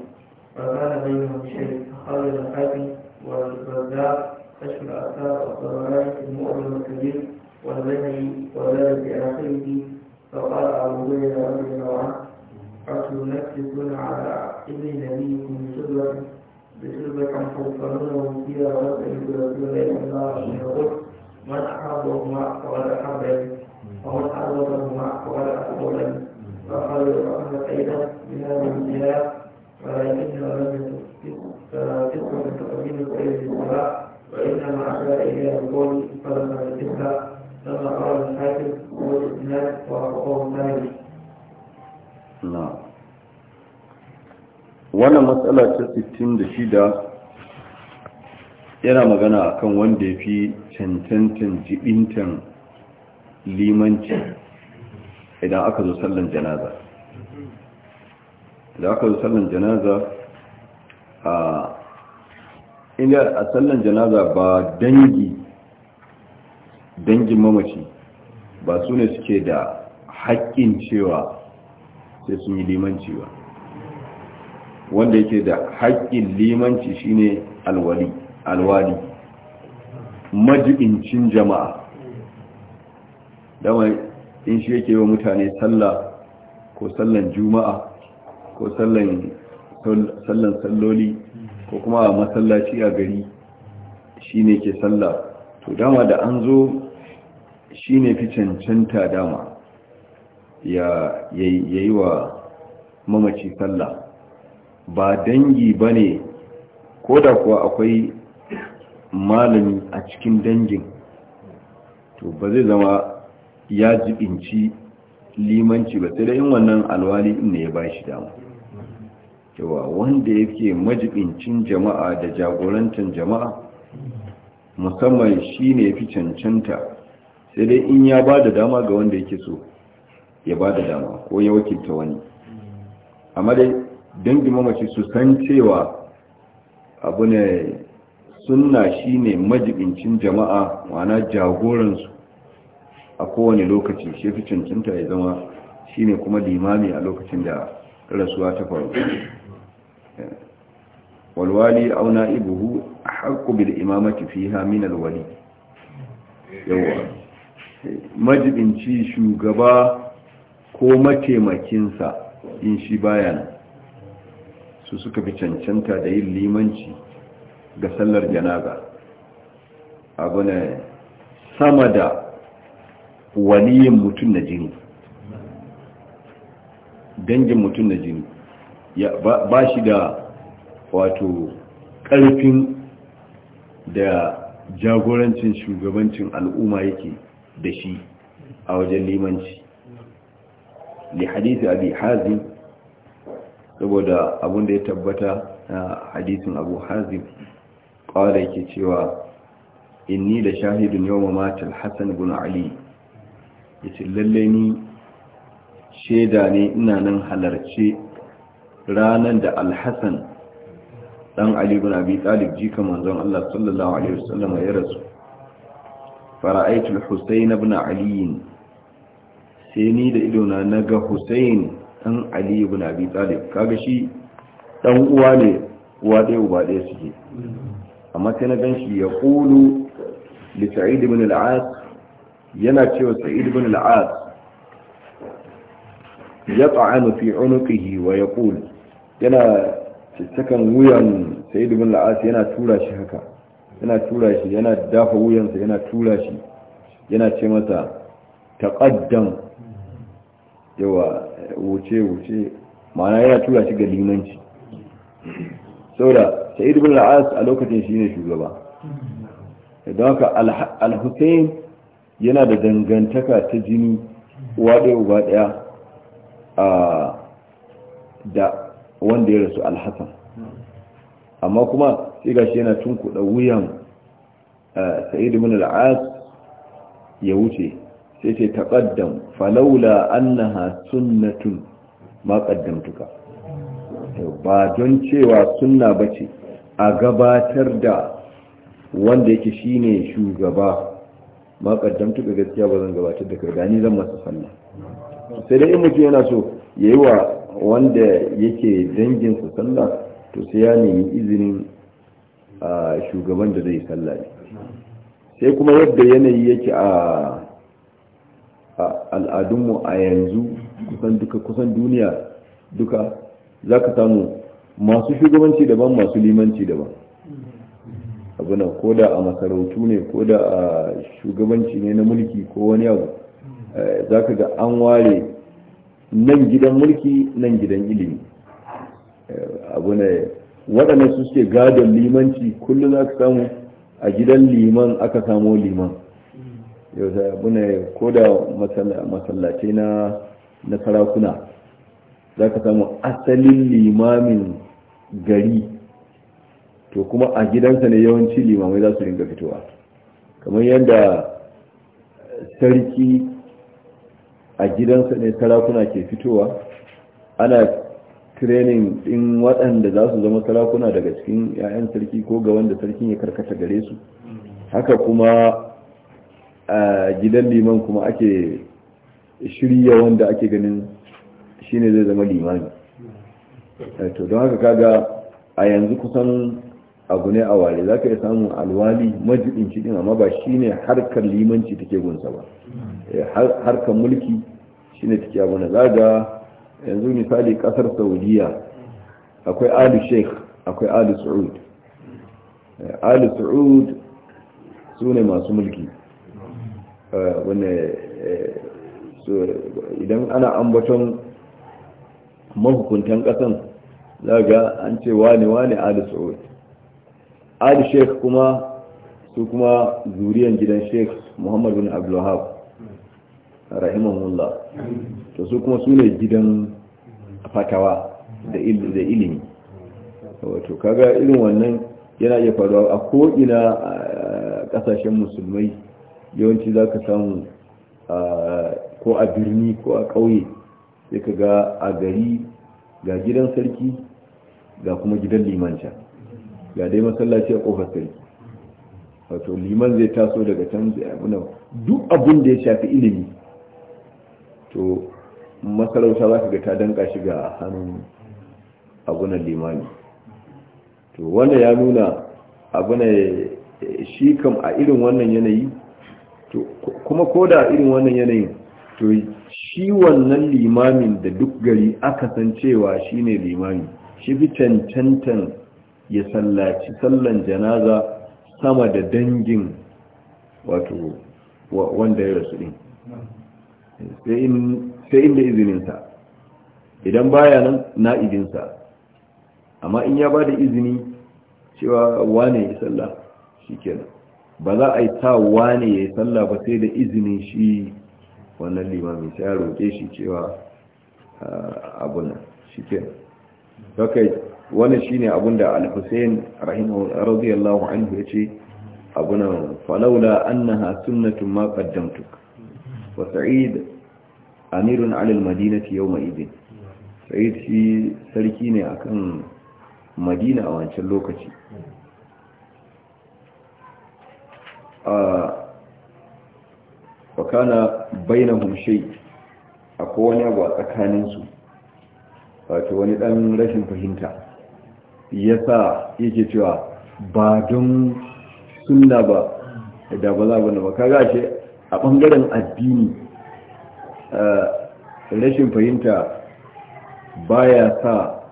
فكان بينهم شيء فقال الحاكم والرزاق كشف الآثار والطبراني المؤمن الكبير والبيهقي وذلك في آخره فقال أبو هريرة رضي الله عنه أتنكسون على ابن نبيكم شربة بشربة توصلونه فيها وتجد رسول الله يقول من أحبهما فقد أحبني ومن أحبهما فقد أحبني فخير أهل أيضا بهذا الجهاد ولكنها لم تسقط تقديم القيد للصلاة وإنما أتى إليها القول فلما يجدها wannan matsala ta 66 yana magana akan wanda ya fi cancantan jibintan limanci idan aka zo sallan janaza idan aka zo sallan janaza a inda a sallan janaza ba dangi dangin mamaci ba su ne suke da haƙƙin cewa sai sun yi limanci ba wanda yake da haƙƙin limanci shine alwali alwali majibincin jama'a dama in shi yake wa mutane sallah ko sallan juma'a ko sallan salloli ko kuma masallaci a gari shi ne ke sallah to dama da an zo shi ne fi cancanta dama ya yi wa mamaci sallah ba dangi ba ne ko da kuwa akwai malami a cikin dangin to ba zai zama ya jibinci limanci ba sai da yin wannan alwali ne ya ba shi dama cewa wanda yake majibincin jama'a da jagorantar jama'a musamman shi ne fi cancanta sai dai in ya ba da dama ga wanda yake so ya ba da dama ko ya wakilta wani amma dai dangin mamaci su san cewa abu ne suna shi ne majibincin jama'a ma'ana jagoransu a kowane lokaci shi fi cancanta ya zama shi ne kuma limami a lokacin da rasuwa ta faru walwali auna au a haqqu bil imamati fiha haminar wali yawon majibinci shugaba ko mataimakinsa in shi bayan su suka fi cancanta da yin limanci ga sallar janaga. abu ne sama da waliyin mutum na jini dangin mutum na jini ba shi da wato ƙarfin da jagorancin shugabancin al'umma yake da shi a wajen limanci li hadisi abi hazim saboda abunda da ya tabbata na hadisin abu hazim ƙwada yake cewa inni da shahidun yau mamatar hassan bin ali ya ce lalle ni shaida ne ina nan halarci ranar da alhassan ɗan ali bin abi talib jika manzon allah sallallahu alaihi wasallama ya rasu فرأيت الحسين بن علي سيني دا إدونا نغا حسين أن علي بن أبي طالب كاغشي دان uwane wade uba daya suke amma sai na ganshi ya qulu li sa'id ibn al-as yana cewa sa'id ibn al-as yat'anu fi unuqihi wa yaqul yana cikin wuyan sa'id ibn al-as yana tura shi haka yana tura shi yana dafa wuyansa yana tura shi yana ce masa taqaddam yawa wuce wuce ma'ana yana tura shi ga limanci saboda sa'id Sa'idu al a lokacin shine shugaba don haka al yana da dangantaka ta jini uwa ɗaya ɗaya da wanda ya rasu alhassan amma kuma sai shi yana tunkuɗa wuyan saidu ibn al-as ya wuce sai ce taqaddam falawla annaha sunnatun ma qaddamtuka ba don cewa sunna bace a gabatar da wanda yake shine shugaba ma qaddamtuka gaskiya ba zan gabatar da kai da ni zan masa sallah sai dai in mutum yana so yayi wa wanda yake dangin sa sallah to sai ya nemi izinin a shugaban da zai sallah ne sai kuma yadda yanayi yake a al'adunmu a yanzu kusan duka kusan duniya duka za ka samu masu shugabanci daban masu limanci daban abinan ko da a masarautu ne ko da a shugabanci ne na mulki ko wani abu eh, za ka ga an ware nan gidan mulki nan gidan ilimi abu ne waɗannan su suke gadon limanci kullum za ka samu a gidan liman aka samo liman yau da abu ne ko da masallatai na na sarakuna za ka samu asalin limamin gari to kuma a gidansa ne yawanci limamai za su ringa fitowa kamar yadda sarki a gidansa ne sarakuna ke fitowa ana training din waɗanda za su zama sarakuna daga cikin 'ya'yan sarki ko ga wanda sarkin ya karkata gare su haka kuma a gidan liman kuma ake shirya wanda ake ganin shine zai zama limani eh, to don haka kaga a yanzu kusan abu ne a ware za ka iya samun alwali majiɗin cikin amma ba shine harkar limanci take gunsa ba eh, harkar mulki shine take abu na zaga yanzu misali kasar saudiya akwai ali sheikh akwai ali su'ud eh, ali su'ud su ne masu mulki eh, wanda eh, idan ana ambaton mahukuntan kasan zaga an ce wane wane ali su'ud ali sheikh kuma su kuma zuriyan gidan sheikh muhammadu abdullahab rahimahullah to su kuma su ne gidan fatawa da ilimi wato kaga irin wannan yana iya faruwa a ko'ina a kasashen musulmai yawanci za ka samu ko a birni ko a ƙauye sai ka ga a gari ga gidan sarki ga kuma gidan limanca ga dai masallaci a ƙofar sarki wato liman zai taso daga can duk abin da ya shafi ilimi to masarauta za ka ga ta danka shi ga hannun abunan limani to wanda ya nuna abunan shi kam a irin wannan yanayi to kuma koda irin wannan yanayin to shi wannan limamin da duk gari aka san cewa shi ne limami shi bi cancantan ya sallaci sallan janaza sama da dangin wato wanda ya rasu ɗin. sai in sai inda izininsa idan baya nan na sa amma in ya ba da izini cewa wane ya sallah shi kenan ba za a yi ta wane ya sallah ba sai da izinin shi wannan limamin sai ya roƙe shi cewa abuna nan shi kenan dokai wannan shine abun da al-Husayn rahimahu radiyallahu anhu yace abunan falawla annaha sunnatun ma qaddamtuk wa sa'id amirun alil madinati yau idin sai shi sarki ne akan madina a wancan lokaci a wakana bainahum shay a wani abu a tsakaninsu wato wani dan rashin fahimta yasa yake cewa ba don sunna ba da ba za ba kaga ce? a ɓangaren addini Eh, rashin fahimta baya sa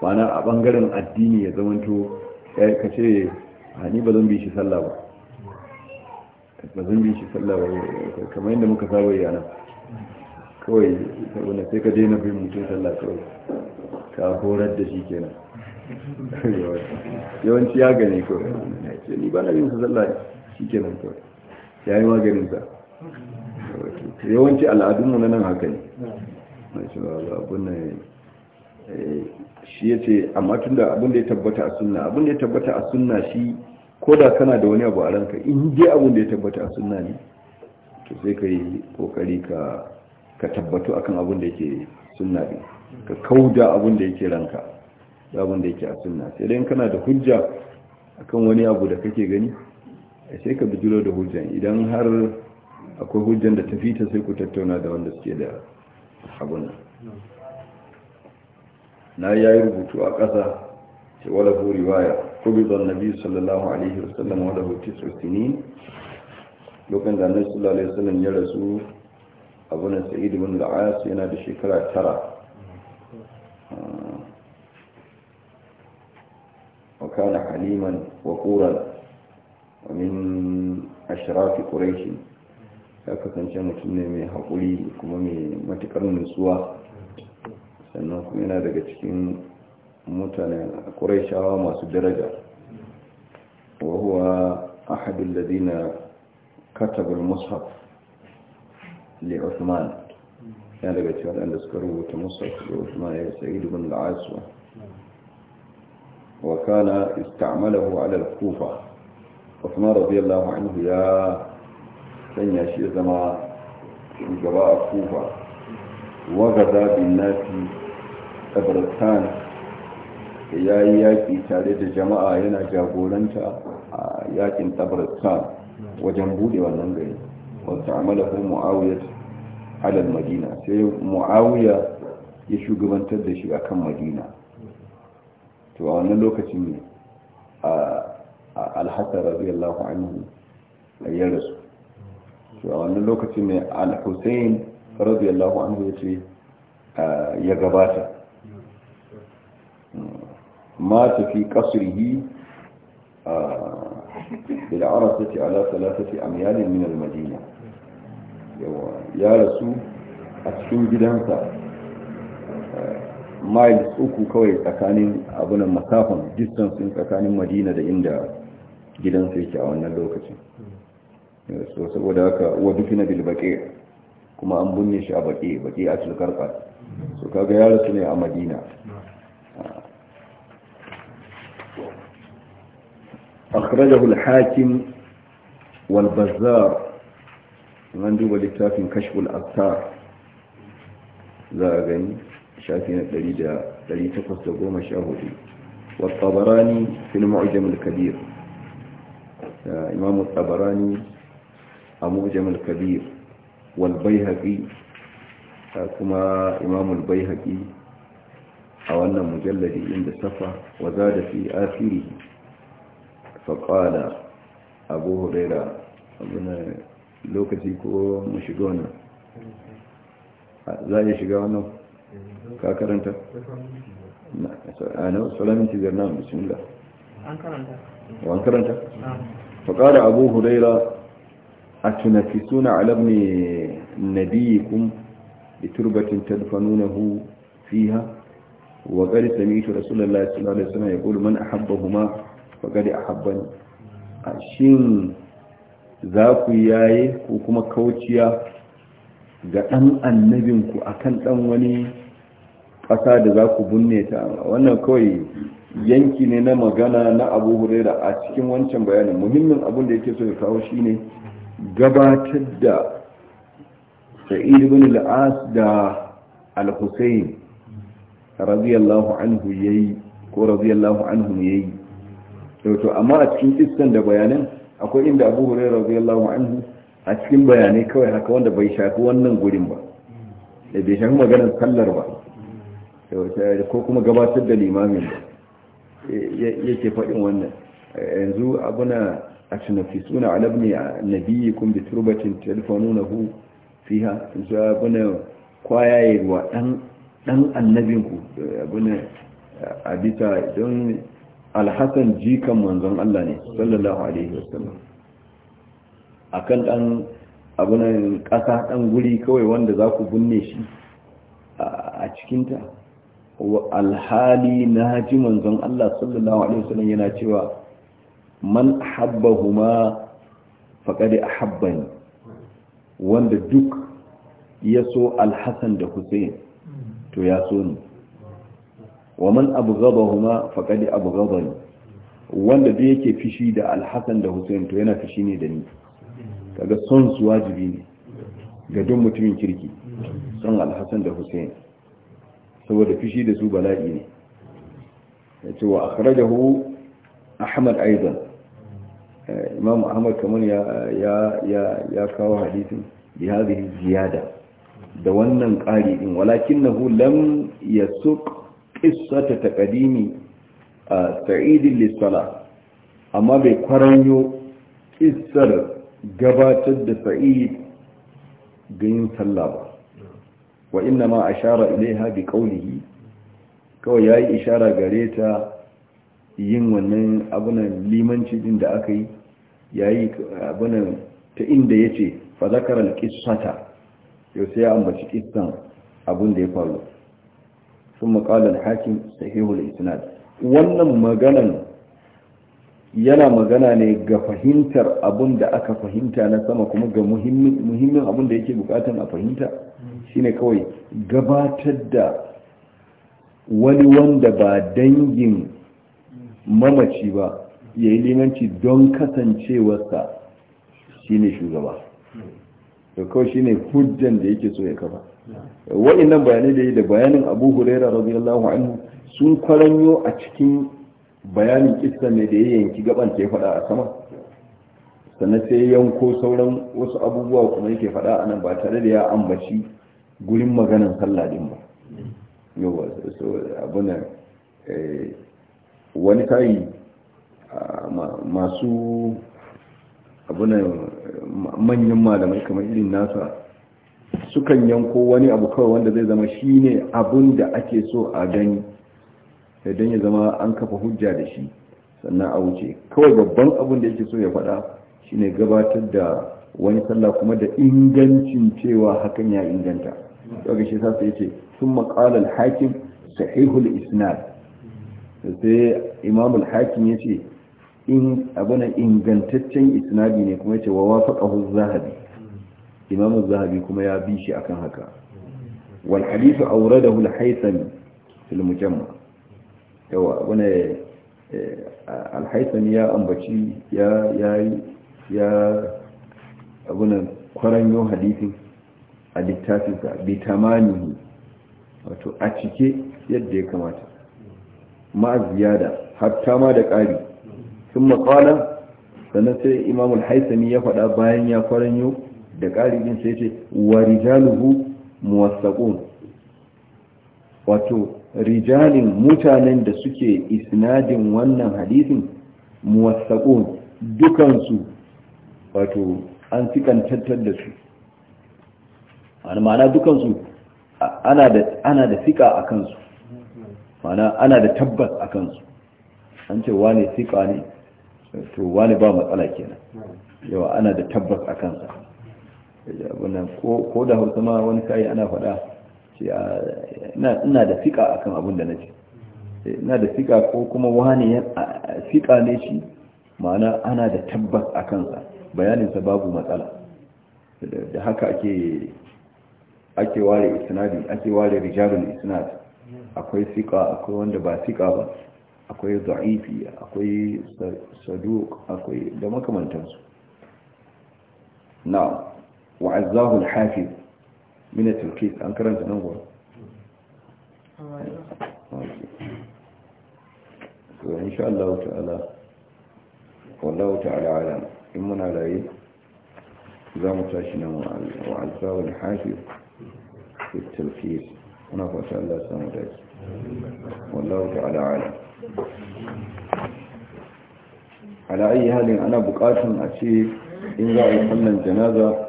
bana a bangaren addini ya zamanto eh, ka ce ah, ni ba zan bi shi sallah ba ba zan bi shi sallah ba eh, kamar yadda muka saba yi ana kawai saboda sai ka daina bin mutum sallah kawai ka horar da shi kenan yawanci ya gane kawai ni ba na bin su sallah shi kenan kawai ya yi maganin sa yawanci al'adunmu na nan haka ne eh, shi ya ce amma tun da abin da ya tabbata a sunna abin da ya tabbata a sunna shi ko da kana da wani abu a ranka in je abin da ya tabbata a sunna ne to sai ka yi kokari ka tabbatu akan abin da yake sunna ne ka kauda abin da yake ranka da abin da yake a sunna sai dai kana da hujja akan wani abu da kake gani sai ka bijiro da hujjan idan har akwai hujjan da tafi ta sai ku tattauna da wanda suke da nan na yayi rubutu a ƙasa ce wala hu riwaya kubizan nabi sallallahu alaihi wasallam wala hutu sosini lokacin da na sallallahu alaihi wasallam ya rasu abuna sa'id ibn al-as yana da shekara tara وكان حليما وقورا ومن أشراف قريش ya kasance mutum ne mai haƙuri kuma mai matuƙar nutsuwa sannan kuma yana daga cikin mutanen ƙuraishawa masu daraja wahuwa ahadun ladina katabul mushaf li yana daga cikin waɗanda suka rubuta mushaf li Uthman ya sayi dubin la'asuwa wa kana istamalahu ala kufa Uthman radiyallahu anhu ya sanya shi ya zama shugaba a kufa wagaza bin nafi da ya yi yaƙi tare da jama'a yana jagoranta a yaƙin tabartan wajen buɗe wannan gari wata amala ko mu'awiyar alal madina sai mu'awiya ya shugabantar da shi a kan madina to a wannan lokacin ne a alhassar radiyallahu anhu ya rasu to a wannan lokaci mai al-hussein radiyallahu anhu ya ce ah, ya gabata mata fi kasrihi ah, bil arasati ala salatati amyalin min madina ya rasu a cikin gidansa ah, miles uku kawai tsakanin abunan masafan distance tsakanin madina da inda gidansa yake a wannan lokacin saboda haka wa dufina bil baqi kuma an bunne shi a baqi baqi atul karqa so kaga ya rasu ne a madina akhrajahu al hakim wal bazzar man duba littafin kashful asar za a gani shafi na 1814 والطبراني في المعجم الكبير إمام tabarani المجم الكبير والبيهقي كما إمام البيهقي أو أن مجلد عند السفر وزاد في آخره فقال أبو هريرة أبنا لوكتي كو مشدونا za ya shiga wannan kakaranta a na salamin cibiyar na bismillah an karanta faƙada abu huraira أتنفسون على ابن نبيكم بتربة تدفنونه فيها وقال سميت رسول الله صلى الله عليه وسلم يقول من أحبهما فقال أحبني أشين ذاكو ياي yaye كوتيا kuma النبيك ga ɗan أساد ذاكو kan ɗan wani ƙasa yanki ne na magana na abu hurera a cikin wancan bayanin muhimmin abin da yake so ya kawo shine gabatar da sa'id ibn al-as da al-husayn radiyallahu anhu yayi ko radiyallahu anhu yayi to amma a cikin kissan da bayanan akwai inda Abu Hurairah radiyallahu anhu a cikin bayanai kawai haka wanda bai shafi wannan gurin ba da bai shafi maganar sallar ba ko kuma gabatar da limamin ba yake faɗin wannan yanzu abuna أتنفسون على ابن نبيكم بتربة تلفونونه فيها فأبنى kwayaye wa ɗan annabinku abin a bisa don alhassan jikan manzon Allah ne sallallahu alaihi wasallam akan ɗan abin ƙasa ɗan guri kawai wanda za ku binne shi a cikinta alhali na ji manzon Allah sallallahu yana cewa man habbahuma faƙaɗe a wanda duk ya so alhassan da hussein to ya so ni wa man abghadahuma gabahuma abghadani wanda duk yake fishi da alhassan da hussein to yana fishi ne da ni kaga son su wajibi ne ga duk mutumin kirki son alhassan da hussein saboda fishi da su bala'i ne ya ce wa akhrajahu ahmad aidan imam ahmad kamar ya kawo hadisin bi hadhihi ziyada da wannan ƙari din walakinahu lam yasuq qissata taqdimi sa'id lis-salah amma bai kwaranyo qissar gabatar da sa'id ga yin sallah ba wa inna ma ashara ilaiha bi qawlihi kawai yayi ishara gare ta yin wannan abunan limanci din da aka yi yayi abunan ta inda yace fa zakara al-qissata yau sai ya ambaci kissan abin da ya faru sun makalar hakim al isnad wannan maganan yana magana ne ga fahimtar abun da aka fahimta na sama kuma ga muhimmin abun da yake bukatan a fahimta shine kawai gabatar da wani wanda ba dangin mamaci ba ya yi limanci don kasancewarsa shine shugaba da kawai shine hujjan da yake so ya kafa wainnan bayanai da yi da bayanin abu huraira radiyallahu anhu sun kwaranyo a cikin bayanin kisa ne da ya yanki gaban ke faɗa a sama sannan sai yanko sauran wasu abubuwa kuma yake faɗa a nan ba tare da ya ambaci gurin maganan sallah din ba so abuna wani kayi masu abunan manyan malamai kamar irin nasa sukan yanko wani abu kawai wanda zai zama shi ne abun da ake so a gani don ya zama an kafa hujja da shi sannan a wuce kawai babban abun da yake so ya faɗa shine gabatar da wani sallah kuma da ingancin cewa hakan ya inganta daga shi sa sai ce sun maƙalar hakim sahihul isnad sai imam al-hakim ya ce in ingantaccen isnadi ne kuma ya ce wa wafaqahu zahabi imam zahabi kuma ya bi shi akan haka wal hadith awradahu al haytham fil mujamma yawa abuna eh, al haytham ya ambaci ya ya ya abuna kwaranyo hadithin a littafinsa bi tamani wato a cike yadda ya kamata ma ziyada hatta ma da ƙari sun matsala sannan sai imamul haisami ya faɗa bayan ya faranyo? da ƙari ɗin sai ce wa rijaluhu muwassaƙun wato rijalin mutanen da suke isnadin wannan hadisin muwassaƙun dukansu wato an sikantattar da su ma'ana dukansu ana da sika a kansu mana ana da tabbas a kansu an ce wane siƙa ne to wane ba matsala kenan yawa ana da tabbas a kansa ko da hausa ma wani kayi ana faɗa ina da siƙa a kan abin da na ce eh, ina da siƙa ko kuma wane siƙa ne shi ma'ana ana da tabbas a kansa bayaninsa babu matsala da haka ake ware isnadi ake ware rijalul isnad akwai siƙa akwai wanda ba siƙa ba akwai za'ifi akwai saduk akwai da makamantansu na wa'azzahu al-hafiz min at-talqis an karanta nan gwa to insha Allah ta'ala wallahu ta'ala alam in muna raye za mu tashi nan wa'azzahu al-hafiz في التلخيص muna kwanci Allah samu daji wallahu ta'ala ala ala ayi halin ana bukatun a ce in za a yi sallan janaza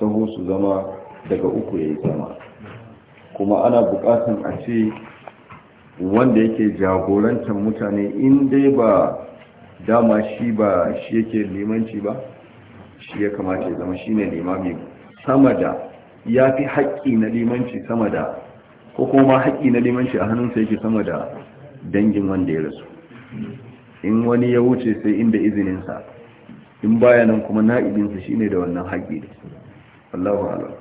sahu su zama daga uku ya yi sama kuma ana bukatun a ce wanda yake jagorantar mutane in dai ba dama shi ba shi yake limanci ba shi ya kamata ya zama shi ne limami sama da ya fi haƙƙi na limanci sama da ko kuma haƙƙi na limanci a hannunsa yake sama da dangin wanda ya rasu in wani ya wuce sai inda izininsa in baya nan kuma na'ibinsa shine da wannan haƙi ne Allahu a'lam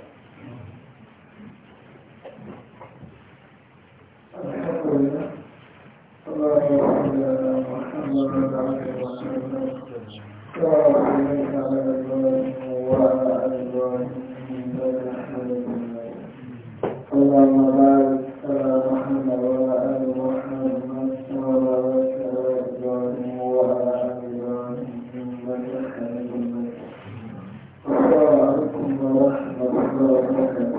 اللهم بارك على محمد وعلى آل محمد كما باركت على إبراهيم وعلى آل إبراهيم إنك حميد مجيد السلام عليكم ورحمة الله وبركاته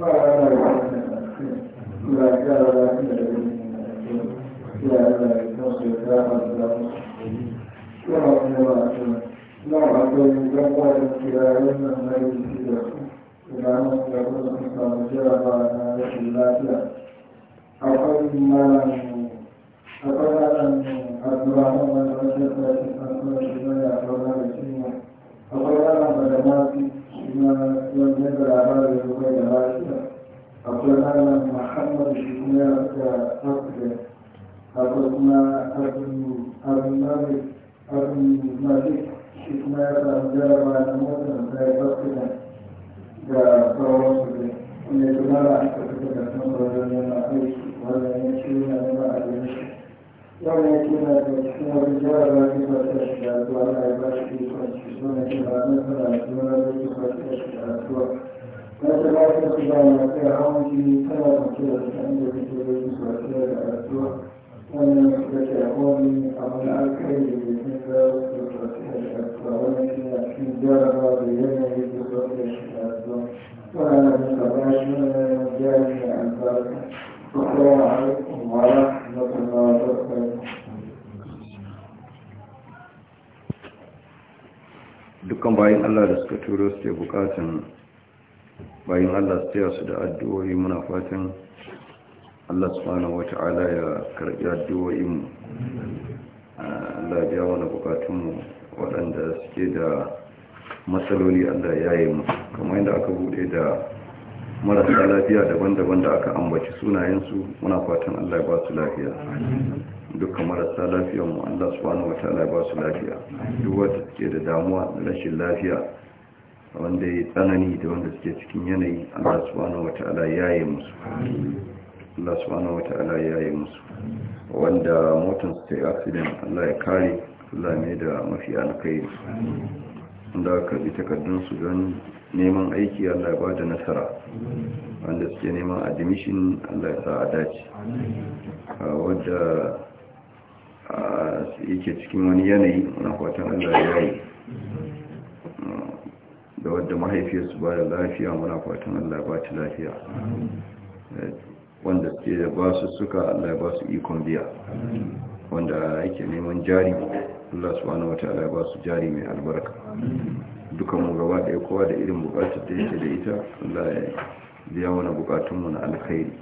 وعلى آل محمد لا جار لك لا لا تصل لا أبدا لا أبدا لا أبدا لا أبدا لا أبدا سبحانه يقول حسن الجرفة نحن لا فيها أقول ما أقول أن أدراهم والرجل أقول بما يأخذنا بسنة أقول أنا بدماتي بما يجب الأعمال يقول هذا أقول أنا محمد شكوية أقول أقول ما أقول أقول مالك أقول مالك شكوية أقول جرفة نموت من ذلك da sauransu ne wanda ya zama a cikin da kuma aiki wanda ya ce yana nuna abin shi yau ya ce na da cikin wani jihar da shi da zuwa na ya shi ke kwanci so ke ba da da shi da zuwa na ba ta su ba na kai hawan jini tana kwanci da da ke da ke kwata da zuwa wannan suka ce a wani alkai da ke sun ga da kwata da zuwa wannan shi ne cikin jihar da yanayi da shi da zuwa dukkan bayan Allah da suka turo su ke bukatan bayan Allah su taya su da addu'o'i muna fatan Allah su subhanahu wata'ala ya karɓi addu'o'inmu mu ah, ya wani bukatunmu waɗanda suke da matsaloli allah ya yi musu kamar yadda aka bude da marasa lafiya daban-daban da aka ambaci sunayensu muna fatan allah ya ba su lafiya dukkan marasa lafiya mu allah wani wata allah ya ba su lafiya duk wata suke da damuwa da rashin lafiya wanda ya tsanani da wanda suke cikin yanayi allah wani wata allah ya yi musu Allah su wata allah ya yi musu wanda motar su ta yi accident Allah ya kare Allah ne da mafi alkai da karbi takardunsu don neman aiki allah ya ba da nasara wanda suke neman admission allah ya sa a dace wadda yake cikin wani yanayi na kwatan allah ya yi da wadda mahaifiyarsu ba da lafiya muna kwatan allah ya ba ta lafiya wanda suke da ba su suka allah ya ba su ikon biya wanda yake neman jari Allah subhanahu wataala ya ba su jari mai albarka dukan gaba da kowa da irin bukatar da yake da ita Allah ya biya mana bukatunmu na alkhairi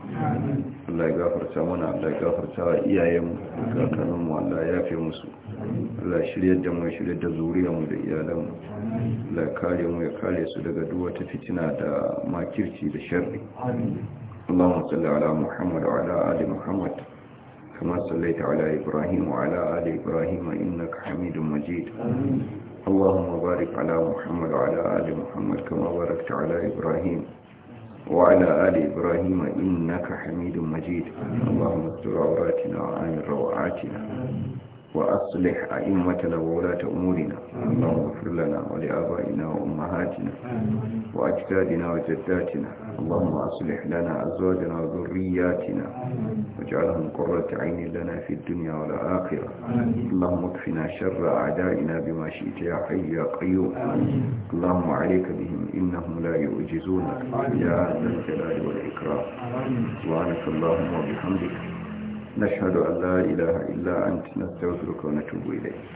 Allah ya gafarta mana Allah ya gafarta wa iyayenmu kakanninmu Allah ya yafe musu Allah ya shirya da mu shirya da zuriyarmu da iyalanmu Allah ya kare mu ya kare su daga duk wata fitina da makirci da sharri Allahumma salli ala Muhammad wa ala ali Muhammad كما صليت على إبراهيم وعلى آل إبراهيم إنك حميد مجيد اللهم بارك على محمد وعلى آل محمد كما باركت على إبراهيم وعلى آل إبراهيم إنك حميد مجيد اللهم استر عوراتنا وعن روعاتنا وأصلح أئمتنا وولاة أمورنا اللهم اغفر لنا ولآبائنا وأمهاتنا وأجدادنا وجداتنا اللهم أصلح لنا أزواجنا وذرياتنا واجعلهم قرة عين لنا في الدنيا والآخرة اللهم اكفنا شر أعدائنا بما شئت يا حي يا قيوم اللهم عليك بهم إنهم لا يعجزونك يا ذا الجلال والإكرام سبحانك اللهم وبحمدك نشهد أن لا إله إلا أنت نستغفرك ونتوب إليك